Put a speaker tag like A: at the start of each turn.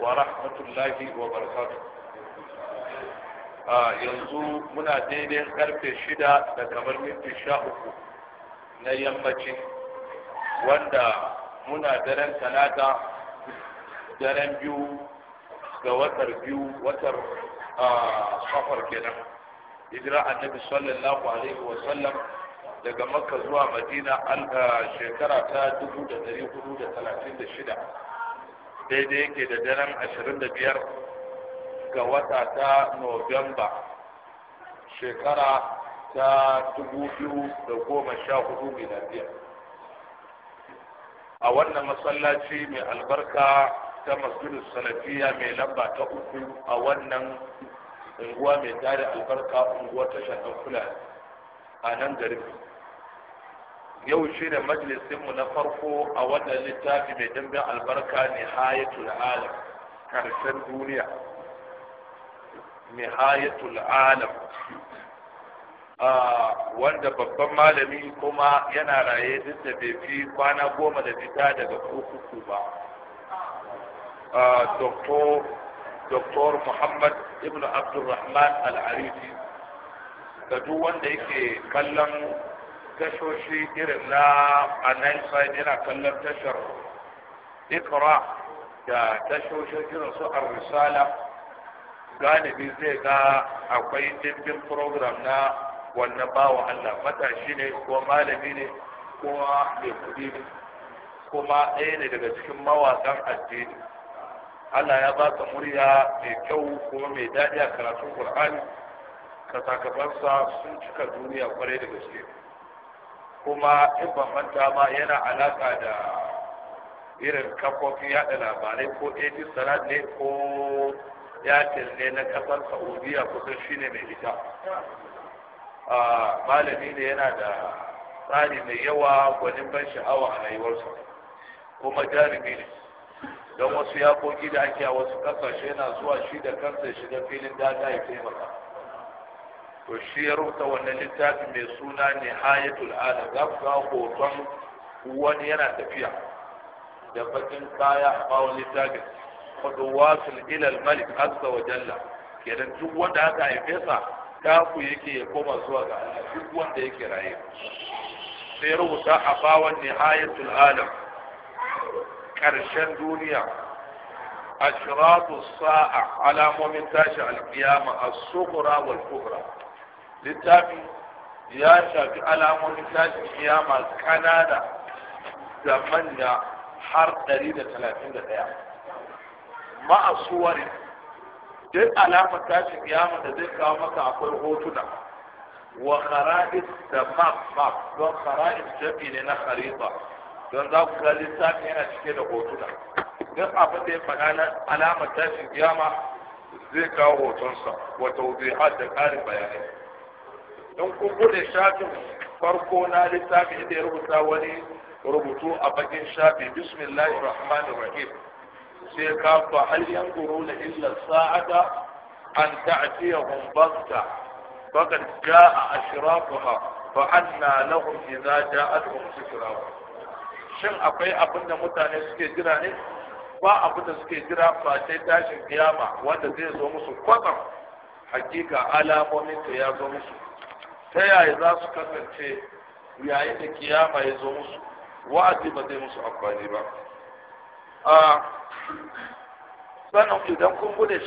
A: ورحمة الله وبركاته آه yanzu muna daidai karfe shida da kamar minti sha uku na yammaci wanda muna daren talata daren biyu ga watar biyu watar ah, safar kenan hijira annabi sallallahu alaihi daga makka zuwa madina ah, shekara ta dubu da daidai yake da daren ashirin da biyar ga wata ta Novemba shekara ta dubu biyu da goma sha hudu miladiya a wannan masallaci mai albarka ta masjidu salafiya mai lamba ta uku a wannan unguwa mai tare albarka unguwa tashar ɗan fulani a nan garin yau shi ne majalisinmu na farko a wannan littafi mai dimbin albarka ne hayatul alam karshen duniya nihayatul alam ah, wanda babban malami kuma yana raye duk da bai fi kwana goma da fita daga kurkuku ba ah, doktor muhammad ibn abdulrahman al-arifi ga duk wanda yake kallon tashoshi irin na a nine yana kallon tashar ikra da tashoshin irin su ar-risala galibi zai ga akwai dimbin program na wannan bawa Allah matashi ne ko malami ne ko mai kuɗi ne kuma ɗaya ne daga cikin mawaƙan addini Allah ya baka murya mai kyau kuma mai daɗi a karatun Qur'ani ka sakafansa sun cika duniya kwarai da gaske kuma in ban manta ma yana alaka da irin kafofin yaɗa labarai ko AD Salat ne ko yatel ne na kasar Saudiya kusan ne mai ita malami ne yana da tsari mai yawa gwanin ban sha'awa a rayuwarsa kuma jarumi ne don wasu yakoki da ake a wasu kasashe yana zuwa shi da kansa shiga filin da ta yi taimaka to shi ya rubuta wannan littafi mai suna nihayatul alam za ku ga hoton wani yana tafiya da bakin kaya a bawon littafin wasul ilal malik azza wa jalla kenan duk wanda aka haife sa kafu yake ya koma zuwa ga Allah duk wanda yake raye sai rubuta a bawon nihayatul alam karshen duniya أشراط الساعة على مؤمن تاشع القيامة الصغرى والكبرى littafin ya shafi alamomin tashin kiyama kanada da manya har 131 ma'asuwari duk alamar tashin kiyama da zai kawo maka akwai hotuna wa kara'is da map map don kara'is jabi ne na kharifa don za ku ga littafi yana cike da hotuna duk abin da ya faɗa na alamar tashin kiyama zai kawo hotonsa wa har da ƙarin bayanai in kun bude shafin farko na littafi inda ya rubuta wani rubutu a bakin shafi bismillahir rahmanir rahim sai ka fa hal yanzuruna illa sa'ata an ta'tiyahum bagta faqad jaa ashraquha fa anna lahum idza ja'atuhum sikrahu shin akwai abin da mutane suke jira ne ba abin da suke jira sai tashin kiyama wanda zai zo musu kwatsam hakika alamomin ta ya zo musu ta yaya za su kasance yayin da kiyama ya zo musu wa'azi ba zai musu amfani ba ah, sannan idan kun bude